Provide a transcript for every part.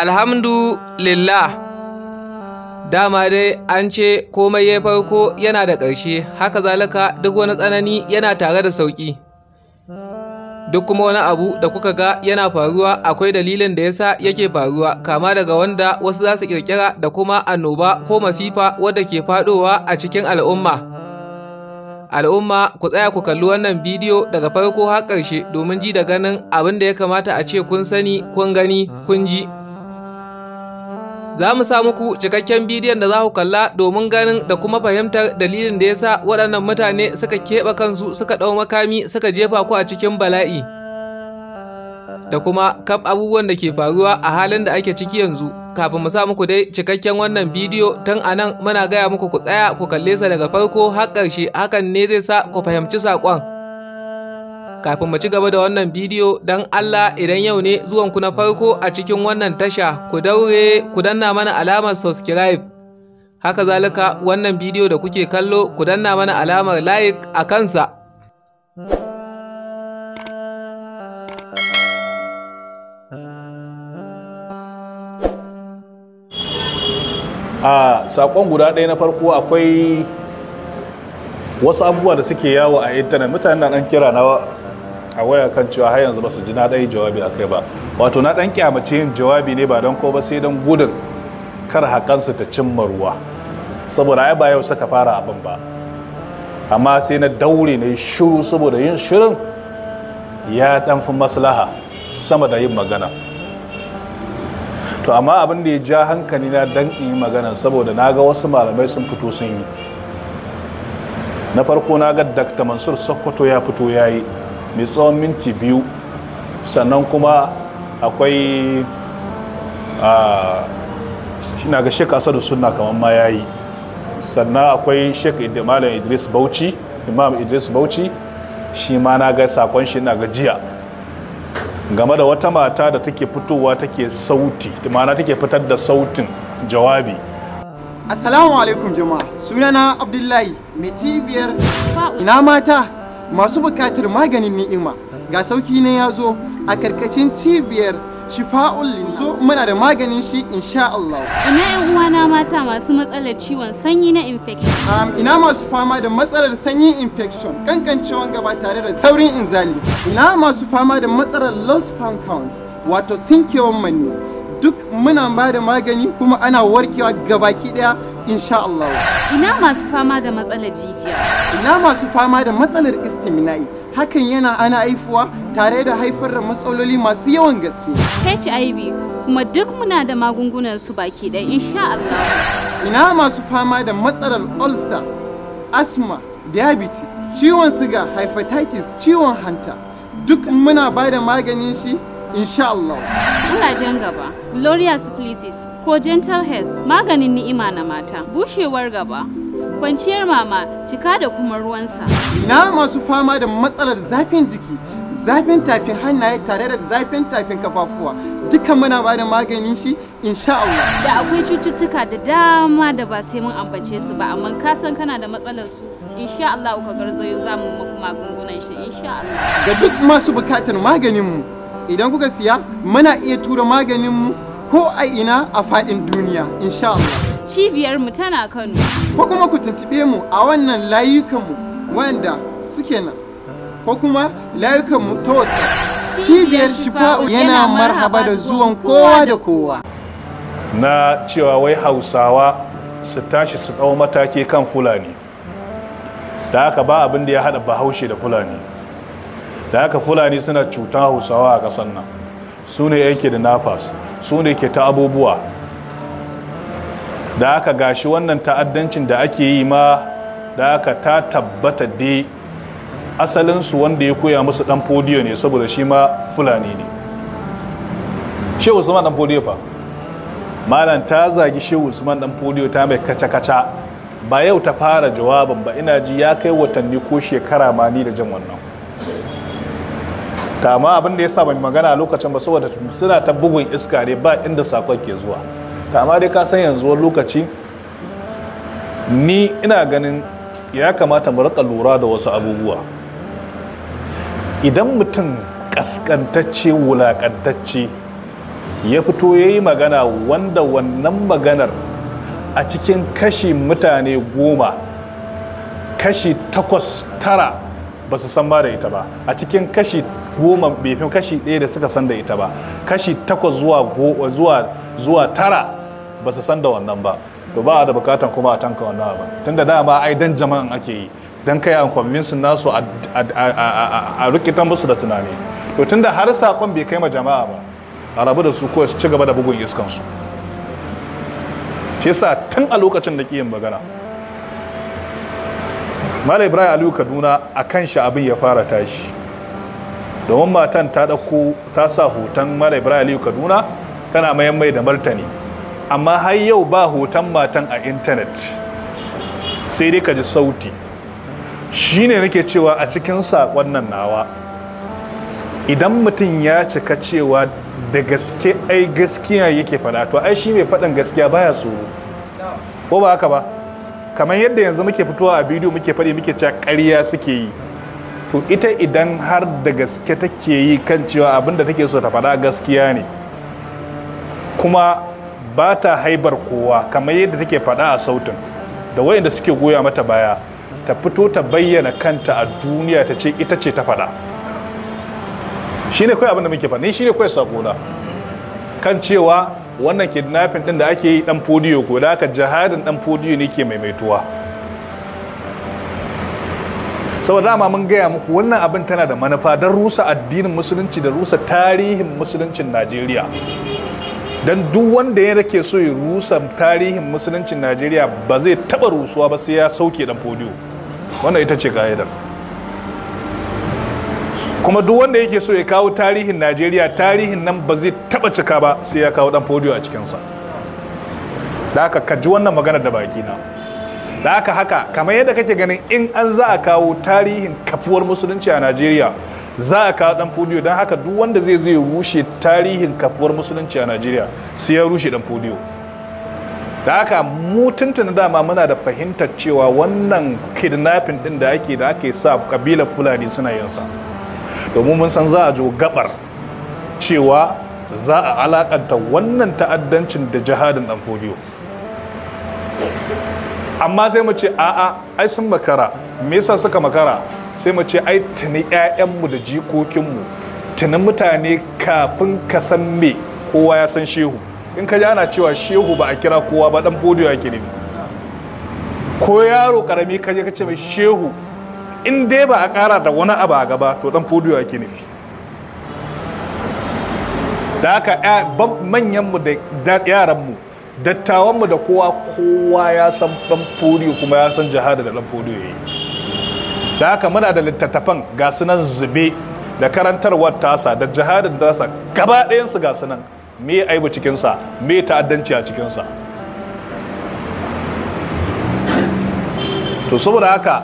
Alhamdulillah dama dai an ce komai ya farko yana da ƙarshe haka zalika duk wani tsanani yana tare da sauƙi duk kuma wani abu da kuka ga yana faruwa akwai dalilin da yasa yake faruwa kama daga wanda wasu za su ƙirƙira da kuma annoba ko masifa wadda ke faɗowa a cikin al'umma. Al'umma ku tsaya ku kalli wannan bidiyo daga farko har ƙarshe domin ji da ganin abin da ya kamata a ce kun sani kun gani kun ji. Za mu sa muku cikakken bidiyon da za ku kalla domin ganin da kuma fahimtar dalilin da ya sa waɗannan mutane suka keɓe kansu suka ɗau makami suka jefa ku a cikin bala'i. da kuma kaf abubuwan da ke faruwa a halin da ake ciki yanzu kafin mu sa muku dai cikakken wannan bidiyo tun a nan muna gaya muku ku tsaya ku kalle sa daga farko har ƙarshe hakan ne zai sa ku fahimci saƙon kafin mu ci gaba da wannan bidiyo don Allah idan yau ne zuwanku na farko a cikin wannan tasha ku daure ku danna mana alamar subscribe haka zalika wannan bidiyo da kuke kallo ku danna mana alamar like a kansa a sakon guda ɗaya na farko akwai wasu abubuwa da suke yawo a intanet mutane na ɗan kira na a waya kan cewa har yanzu ba su ji na ɗaya jawabi a kai ba wato na ɗan kyamace yin jawabi ne ba don ko ba sai don gudun kar haƙansu ta cimma ruwa saboda ai ba yau saka fara abin ba amma sai na daure na shiru saboda yin shirin ya ɗan fi maslaha sama da yin magana to amma abin da ya ja hankali na dan in yi magana saboda na ga wasu malamai sun fito sun yi na farko na ga dr mansur sokoto ya fito ya yi mai tsawon minti biyu sannan kuma akwai shi na ga shek asadu suna kamar ma ya yi sannan akwai shek malam idris bauchi imam idris bauchi shi ma na ga sakon shi na ga jiya game da wata mata da take fitowa take sauti ma'ana take fitar da sautin jawabi assalamu alaikum jama'a sunana abdullahi mai cibiyar ina mata masu bukatar maganin ni'ima ga sauki ne ya zo a karkashin cibiyar shifa'ul linzo muna da maganin shi insha Allah. Ina yan uwana mata masu matsalar ciwon sanyi na infection. Um, ina masu fama da matsalar sanyi infection, kankancewan gaba tare da saurin inzali. Ina masu fama da matsalar loss fan count, wato sinkewan manni. Duk muna ba da magani kuma ana warkewa gabaki daya insha Allah. Ina masu fama da matsalar jijiya. Ina masu fama da matsalar istimina'i. hakan yana ana haifuwa tare da haifar da matsaloli masu yawan gaske hiv kuma duk muna da magungunan su baki ɗaya insha Allah ina masu fama da matsalar ulcer asthma, diabetes ciwon siga hepatitis ciwon hanta duk muna ba da maganin shi insha Allah jan gaba glorious places ko gentle health maganin ni'ima na mata bushewar gaba kwanciyar mama cika da kuma ruwansa. Ina masu fama da matsalar zafin jiki, zafin tafin hannaye tare da zafin tafin kafafuwa. Dukan muna ba da maganin shi insha Allah. Da akwai cututtuka da dama da ba sai mun ambace su ba amma ka san kana da matsalar su insha Allah ka garzayo za mu muku magungunan shi insha Allah. Ga duk masu bukatar maganin mu idan kuka siya muna iya tura maganin mu ko a ina a faɗin duniya insha Allah. Cibiyar mu tana Kano. ko kuma ku tuntube mu a wannan layukanmu wanda suke nan ko kuma layukanmu ta wata cibiyar shifa'u yana marhaba da zuwan kowa da kowa na cewa wai hausawa su tashi su ɗau mataki kan fulani da haka ba abin da ya haɗa bahaushe da fulani da haka fulani suna cutan hausawa a ƙasar nan su ne yake da nafas su ne ke ta abubuwa da aka gashi wannan ta'addancin da ake yi ma da aka ta tabbata da asalinsu wanda ya koya musu dan podiyo ne saboda shi ma fulani ne shehu usman dan podiyo fa malam ta zagi shehu usman dan podiyo ta mai kaca-kaca ba yau ta fara jawabin ba ina ji ya kai watanni ko shekara ma ni da jin wannan ta ma abin da ya sa magana lokacin ba saboda suna ta bugun iska ne ba inda sakon ke zuwa da amma dai ka yanzu wani lokaci ni ina ganin ya kamata mu rika lura da wasu abubuwa idan mutum kaskantacce wulakantacce ya fito ya yi magana wanda wannan maganar a cikin kashi mutane goma kashi takwas tara ba su san ba da ita ba a cikin kashi goma bai fi kashi ɗaya da suka san da ita ba kashi takwas zuwa tara ba su san da wannan ba to ba da bukatan kuma a tanka wannan tun tunda dama ai dan jama'an ake yi dan kai an convince nasu a rikitan musu da tunani to tunda har sakon bai kai ma jama'a ba a rabu da su ko su ci gaba da bugun iskansu. su shi yasa tun a lokacin da kiyin magana Malam Ibrahim Aliyu Kaduna a kan shi abin ya fara tashi domin matan ta ɗauko ta sa hoton Malam Ibrahim Aliyu Kaduna tana mayan mai da martani amma har yau ba hoton matan a intanet sai dai ka ji sauti shine nake cewa a cikin saƙon nan nawa idan mutum ya cika cewa da gaske ai gaskiya yake faɗa to ai shi mai faɗin gaskiya baya tsoro ko ba haka ba kamar yadda yanzu muke fitowa a bidiyo muke faɗi muke cewa ƙarya suke yi to ita idan har da gaske take yi kan cewa abin da take so ta faɗa gaskiya ne kuma ba ta haibar kowa kamar yadda take faɗa a sautin da wayanda suke goya mata baya ta fito ta bayyana kanta a duniya ta ce ita ce ta faɗa shine kai abin da muke faɗa shine kai sako kan cewa wannan kidnapping din da ake yi dan fodiyo ko da jihadin dan fodiyo ne ke maimaituwa Sau da dama mun gaya muku wannan abin tana da manufa don rusa addinin musulunci da rusa tarihin musuluncin najeriya don duk wanda ya rake so ya rusa tarihin musuluncin najeriya ba zai taba rusuwa ba sai ya sauke dan podiyo wannan ita ce ga'idar kuma duk wanda yake so ya kawo tarihin najeriya tarihin nan ba zai taba cika ba sai ya kawo dan podiyo a cikinsa da haka ka ji wannan maganar da baki na da haka haka kamar yadda kake ganin in an za a kawo tarihin kafuwar musulunci a najeriya za a kawo dan fodiyo don haka duk wanda zai zai rushe tarihin kafuwar musulunci a najeriya sai ya rushe dan fodiyo da haka mutunta na dama muna da fahimtar cewa wannan kidnapping din da ake da ake sa kabilar fulani suna yinsa domin mun san za a jo gabar cewa za a alakanta wannan ta'addancin da jihadin dan foliyo amma sai mu ce a'a ai sun makara me yasa suka makara sai mu ce ai tuni 'ya'yanmu da jikokinmu tuni mutane kafin ka san me kowa ya san shehu in ka ji ana cewa shehu ba a kira kowa ba dan bodiyo ake ne ko yaro karami ka je ka ce mai shehu in dai ba a kara da wani abu a gaba to dan fodiyo ake ne da haka manyanmu da yaranmu dattawanmu da kowa kowa ya san dan kuma ya san jihada da dan fodiyo ya yi da haka muna da littattafan ga sunan zube da karantarwar tasa da jihadin tasa gaba ɗayansu ga sunan me aibu cikinsa me ta'addanci a cikinsa to saboda haka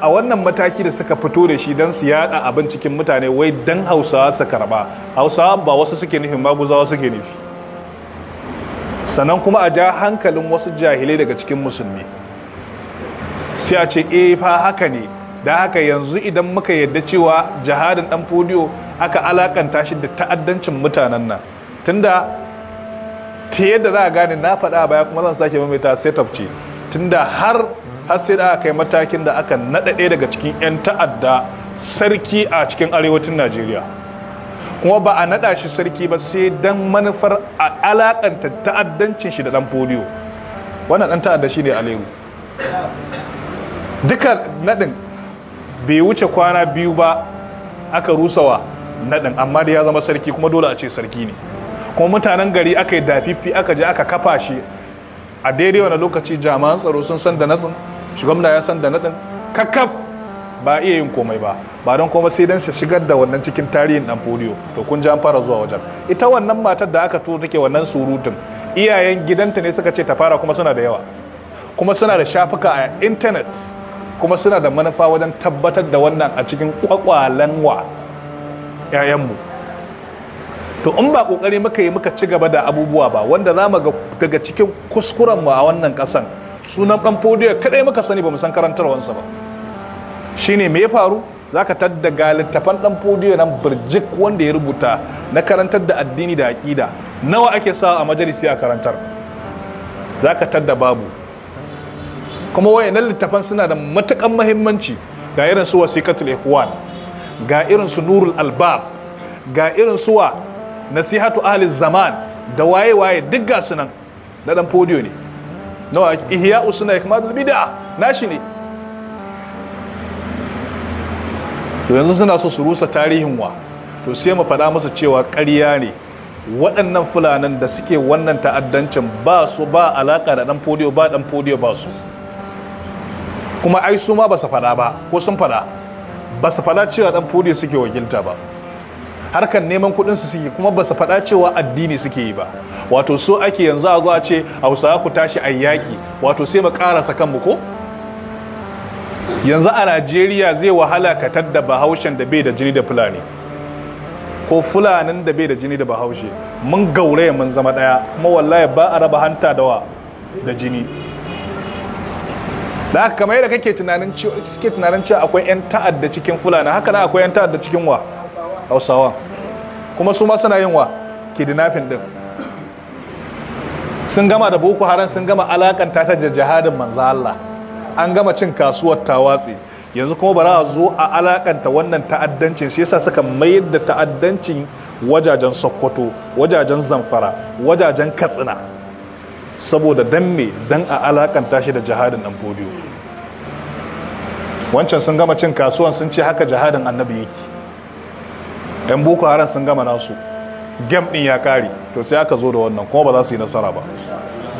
a wannan mataki da suka fito da shi don su yada abin cikin mutane wai don hausawa su karba hausawa ba wasu suke nufin maguzawa suke nufi sannan kuma a ja hankalin wasu jahilai daga cikin musulmi sai a ce e fa haka ne da haka yanzu idan muka yarda cewa jihadin dan fudiyo aka alakanta shi da ta'addancin mutanen nan tunda ta yadda za a gane na faɗa baya kuma zan sake mamaita setup ce tunda har har sai da aka kai matakin da aka naɗa ɗaya daga cikin 'yan ta'adda sarki a cikin arewacin najeriya kuma ba a naɗa shi sarki ba sai don manufar a alakanta ta'addancin shi da dan fudiyo. wannan dan ta'adda shi ne alewu duka naɗin bai wuce kwana biyu ba aka rusawa naɗin amma da ya zama sarki kuma dole a ce sarki ne kuma mutanen gari aka yi dafifi aka je aka kafa shi a daidai wani lokaci jami'an tsaro sun san da natsin shugabna ya san da naɗin kakkaf ba iya yin komai ba ba don kuma sai don su shigar da wannan cikin tarihin dan foliyo to kun ji an fara zuwa wajen ita wannan matar da aka turo take wannan surutun iyayen gidanta ne suka ce ta fara kuma suna da yawa kuma suna da shafuka a intanet kuma suna da manufa wajen tabbatar da wannan a cikin kwakwalen wa 'ya'yanmu to in ba kokari muka yi muka ci gaba da abubuwa ba wanda za mu ga daga cikin kuskuren mu a wannan kasan sunan dan fodiyo kadai muka sani ba mu san karantarwansa ba shine me ya faru zaka tadda ga littafan dan fodiyo nan birjik wanda ya rubuta na karantar da addini da aƙida nawa ake sa a majalisi a karantar zaka tadda babu kuma wayannan littafan suna da matukan mahimmanci ga irin su wasiqatul ikhwan ga irin su nurul albab ga irin su wa nasihatu ahli zaman da waye waye duk ga sunan na dan podio ne nawa ihya usna ikmadul bid'a nashi ne to yanzu suna so su rusa tarihin wa to sai mu faɗa masa cewa ƙarya ne waɗannan fulanan da suke wannan ta'addancin ba su ba alaka da dan podiyo ba dan podiyo ba su kuma ai su ma ba su faɗa ba ko sun faɗa ba su fada cewa dan fodiyo suke wakilta ba harkar neman kuɗin su suke kuma ba su faɗa cewa addini suke yi ba wato so ake yanzu a zuwa ce hausawa ku tashi a yaƙi wato sai mu karasa kanmu ko yanzu a najeriya zai wahala ka tadda bahaushen da bai da jini da fulani ko fulanin da bai da jini da bahaushe mun gauraya mun zama ɗaya kuma wallahi ba a raba hanta da da jini da haka kamar yadda kake tunanin suke tunanin cewa akwai 'yan ta'adda cikin fulani haka na akwai 'yan ta'adda cikin wa hausawa kuma su ma suna yin wa kidnapping din sun gama da boko haram sun gama alakanta ta da jihadin manzo Allah an gama cin kasuwar tawatsi yanzu kuma bara a zo a alakanta wannan ta'addancin shi yasa suka mayar da ta'addancin wajajen sokoto wajajen zamfara wajajen katsina saboda dan me dan a alakanta shi da jihadin dan fodiyo wancan sun gama cin kasuwan sun ce haka jihadin annabi yake yan boko haram sun gama nasu gem din ya kare to sai aka zo da wannan kuma ba za su yi nasara ba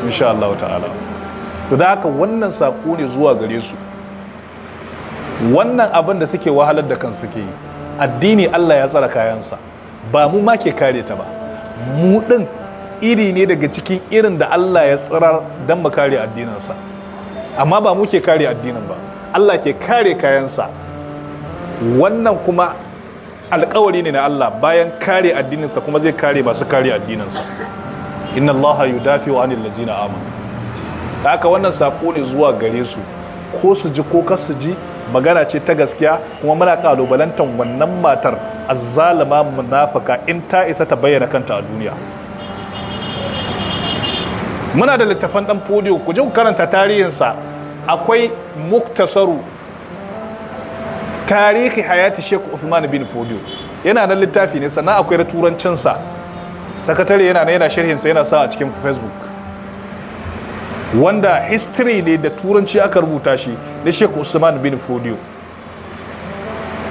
insha Allah ta'ala to da haka wannan sako ne zuwa gare su wannan abin da suke wahalar da kan suke yi addini Allah ya tsara kayansa ba mu ma ke kare ta ba mu din iri ne daga cikin irin da Allah ya tsirar don mu kare addininsa amma ba muke kare addinin ba Allah ke kare kayansa wannan kuma alkawari ne na Allah bayan kare addininsa kuma zai kare masu kare addininsa inna Allah dafi wa anil ladina amanu haka wannan sako ne zuwa gare su ko su ji ko kasu ji magana ce ta gaskiya kuma muna kalubalantar wannan matar azzalama munafaka in ta isa ta bayyana kanta a duniya muna da littafan dan fodiyo ku je ku karanta tarihinsa akwai muktasaru tarihi hayati sheku usman bin fodiyo yana nan littafi ne sannan akwai da turancinsa sakatare yana nan yana sharhinsa yana sa a cikin facebook wanda history ne da turanci aka rubuta shi na sheku Usman bin Fodiyo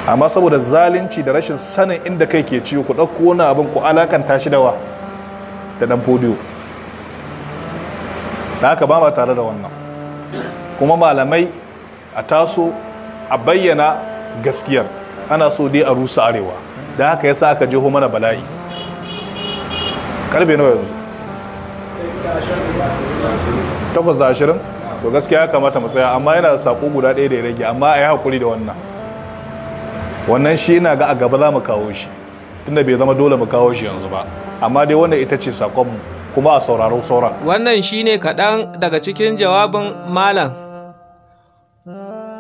amma saboda zalunci da rashin sanin inda kai ke ciwo ku ɗauko wani abin ku alakanta shi da wa da dan Fodiyo da haka ba ma tare da wannan kuma malamai a taso a bayyana gaskiyar ana so dai a rusa arewa da haka ya sa aka jeho mana bala'i karbe nawa yanzu takwas da to gaskiya ya kamata mu tsaya amma yana da sako guda ɗaya da ya rage amma a yi haƙuri da wannan wannan shi yana ga a gaba za mu kawo shi tunda bai zama dole mu kawo shi yanzu ba amma dai wannan ita ce saƙonmu. kuma a sauraro sauran wannan shi ne kaɗan daga cikin jawabin malam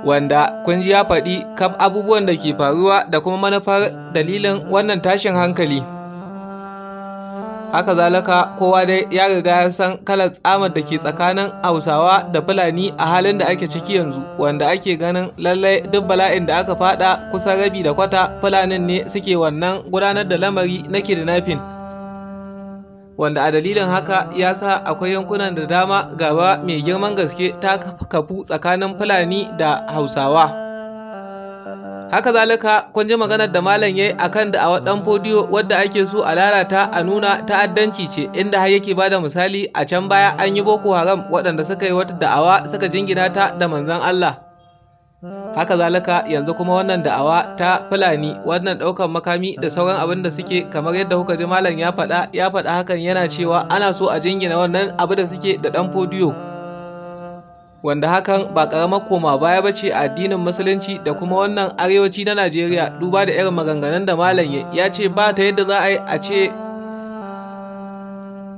wanda kun ji ya faɗi kaf abubuwan da ke faruwa da kuma manufar dalilin wannan tashin hankali haka zalaka kowa dai ya riga ya san kalar tsamar da ke tsakanin hausawa da fulani a halin da ake ciki yanzu wanda ake ganin lallai duk bala'in da aka fada kusan rabi da kwata fulanin ne suke wannan gudanar da lamari na kidnapping wanda a dalilin haka ya sa akwai yankunan da dama gaba mai girman gaske ta kafu tsakanin fulani da hausawa haka zalika kun ji maganar da malam yi akan da a ɗan fodiyo wadda ake so a lalata a nuna ta'addanci ce inda har yake bada misali a can baya an yi boko haram waɗanda suka yi wata da'awa suka jingina ta da manzon Allah haka zalika yanzu kuma wannan da'awa ta fulani wannan ɗaukan makami da sauran abin da suke kamar yadda kuka ji malam ya faɗa ya faɗa hakan yana cewa ana so a jingina wannan abu da suke da ɗan fodiyo wanda hakan ba ƙaramar koma baya ba ce a addinin musulunci da kuma wannan arewaci na najeriya duba da irin maganganun da malam ya ya ce ba ta yadda za a yi a ce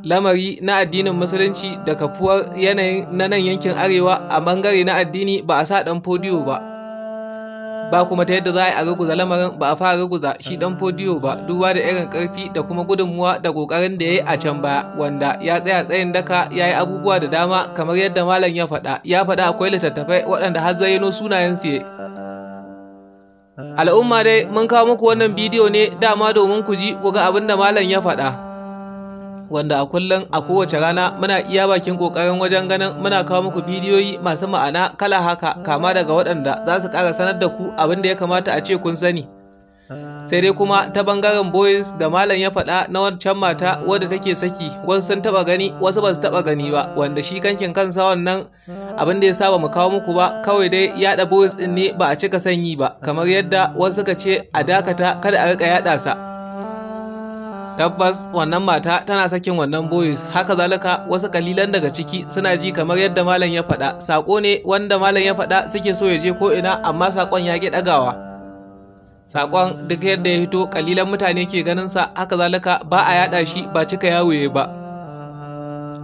lamari na addinin musulunci da kafuwar yanayin na nan yankin arewa a bangare na addini ba a sa dan fodiyo ba ba kuma ta yadda za a ruguza lamarin ba a fara ruguza shi dan fodiyo ba duba da irin karfi da kuma gudunmuwa da kokarin da ya yi a can baya wanda ya tsaya tsayin daka ya yi abubuwa da dama kamar yadda malam ya faɗa ya faɗa akwai littattafai waɗanda har no sunayen siye Al'umma dai mun kawo muku wannan bidiyo ne dama domin ku ji ku ga abin da malam ya faɗa. wanda a kullum a kowace rana muna iya bakin kokarin wajen ganin muna kawo muku bidiyoyi masu ma'ana kala haka kama daga waɗanda za su ƙara sanar da ku abin da ya kamata a ce kun sani. sai dai kuma ta bangaren boys da malam ya faɗa na wancan mata wadda take saki wasu sun taɓa gani wasu ba su taɓa gani ba wanda shi kankin kansa wannan abin da ya saba mu kawo muku ba kawai dai yaɗa boys ɗin ne ba a cika sanyi ba kamar yadda wasu ka ce a dakata kada a riƙa yaɗa sa tabbas wannan mata tana sakin wannan boys haka zalika wasu kalilan daga ciki suna ji kamar yadda malam ya faɗa sako ne wanda malam ya faɗa suke so ya je ko ina amma sakon ya ki ɗagawa sakon duk yadda ya fito kalilan mutane ke ganin sa haka zalika ba a yaɗa shi ba cika yawoye ba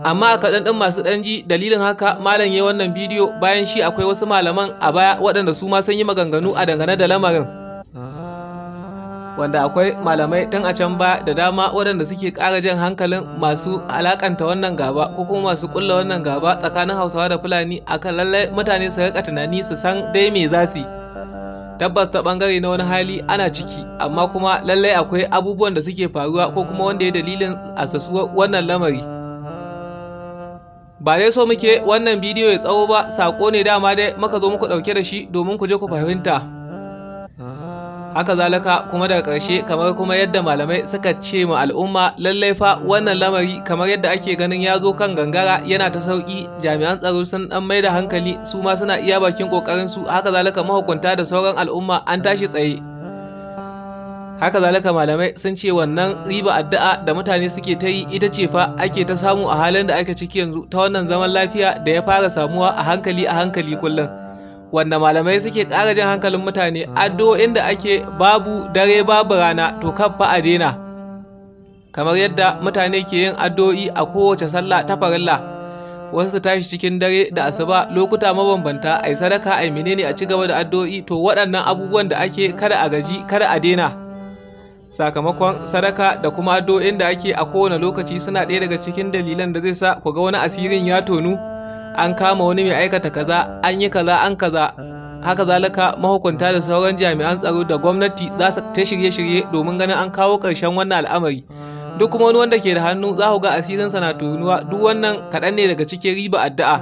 amma a kaɗan ɗin masu ɗan ji dalilin haka malam ya wannan bidiyo bayan shi akwai wasu malaman a baya waɗanda su ma sun yi maganganu a dangane da lamarin wanda akwai malamai tun a can ba da dama waɗanda suke ƙara jan hankalin masu alakanta wannan gaba ko kuma masu ƙulla wannan gaba tsakanin hausawa da fulani akan lallai mutane su riƙa tunani su san dai me za su tabbas ta bangare na wani hali ana ciki amma kuma lallai akwai abubuwan da suke faruwa ko kuma wanda ya dalilin asasuwar wannan lamari ba dai so muke wannan bidiyo ya tsawo ba sako ne dama dai muka zo muku ɗauke da shi domin ku je ku fahimta haka zalika kuma daga ƙarshe kamar kuma yadda malamai suka ce ma al'umma lallai fa wannan lamari kamar yadda ake ganin ya zo kan gangara yana ta sauki jami'an tsaro sun dan mai da hankali su ma suna iya bakin kokarin su haka zalika mahukunta da sauran al'umma an tashi tsaye haka zalika malamai sun ce wannan riba addu'a da mutane suke ta yi ita ce fa ake ta samu a halin da ake ciki yanzu ta wannan zaman lafiya da ya fara samuwa a hankali a hankali kullum wanda malamai suke ƙara jan hankalin mutane addu'o'in da ake babu dare babu rana to kan fa a daina kamar yadda mutane ke yin addu'o'i a kowace sallah ta farilla wasu su tashi cikin dare da asuba lokuta mabambanta ai sadaka ai menene a ci gaba da add'oi to waɗannan abubuwan da ake kada a gaji kada a daina sakamakon sadaka da kuma addu'o'in da ake a kowane lokaci suna ɗaya daga cikin dalilan da zai sa ku ga wani asirin ya tonu an kama wani mai aikata kaza an yi kaza an kaza haka zalika mahukunta da sauran jami'an tsaro da gwamnati za su ta shirye-shirye domin ganin an kawo ƙarshen wannan al'amari duk kuma wani wanda ke da hannu za ku ga asirin na tunuwa duk wannan kaɗan ne daga cikin riba addu'a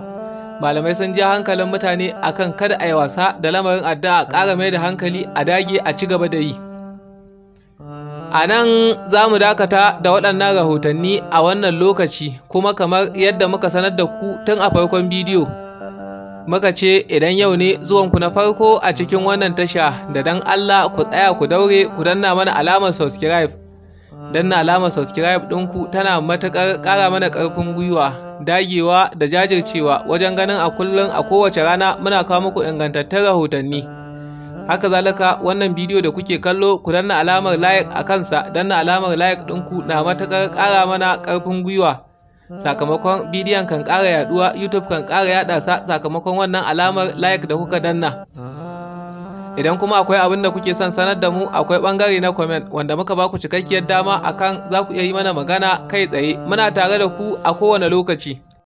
malamai sun ja hankalin mutane akan kada a yi wasa da lamarin addu'a ƙara mai da hankali a dage a ci gaba da yi A nan za mu dakata da waɗannan rahotanni a wannan lokaci kuma kamar yadda muka sanar da ku tun a farkon bidiyo. Muka ce idan yau ne zuwanku na farko a cikin wannan tasha da dan Allah ku tsaya ku daure ku danna mana alamar subscribe. Danna alamar subscribe ɗinku tana matuƙar ƙara mana ƙarfin gwiwa, dagewa da jajircewa wajen ganin a kullum a kowace rana muna kawo muku ingantattun rahotanni. haka zalika wannan bidiyo da kuke kallo ku danna alamar like a kansa danna alamar like ɗinku na matuƙar ƙara mana ƙarfin gwiwa sakamakon bidiyon kan ƙara yaduwa youtube kan ƙara yaɗa sa sakamakon wannan alamar like da kuka danna idan kuma akwai abin da kuke son sanar da mu akwai bangare na comment wanda muka ba ku cikakkiyar dama akan za ku iya yi mana magana kai tsaye muna tare da ku a kowane lokaci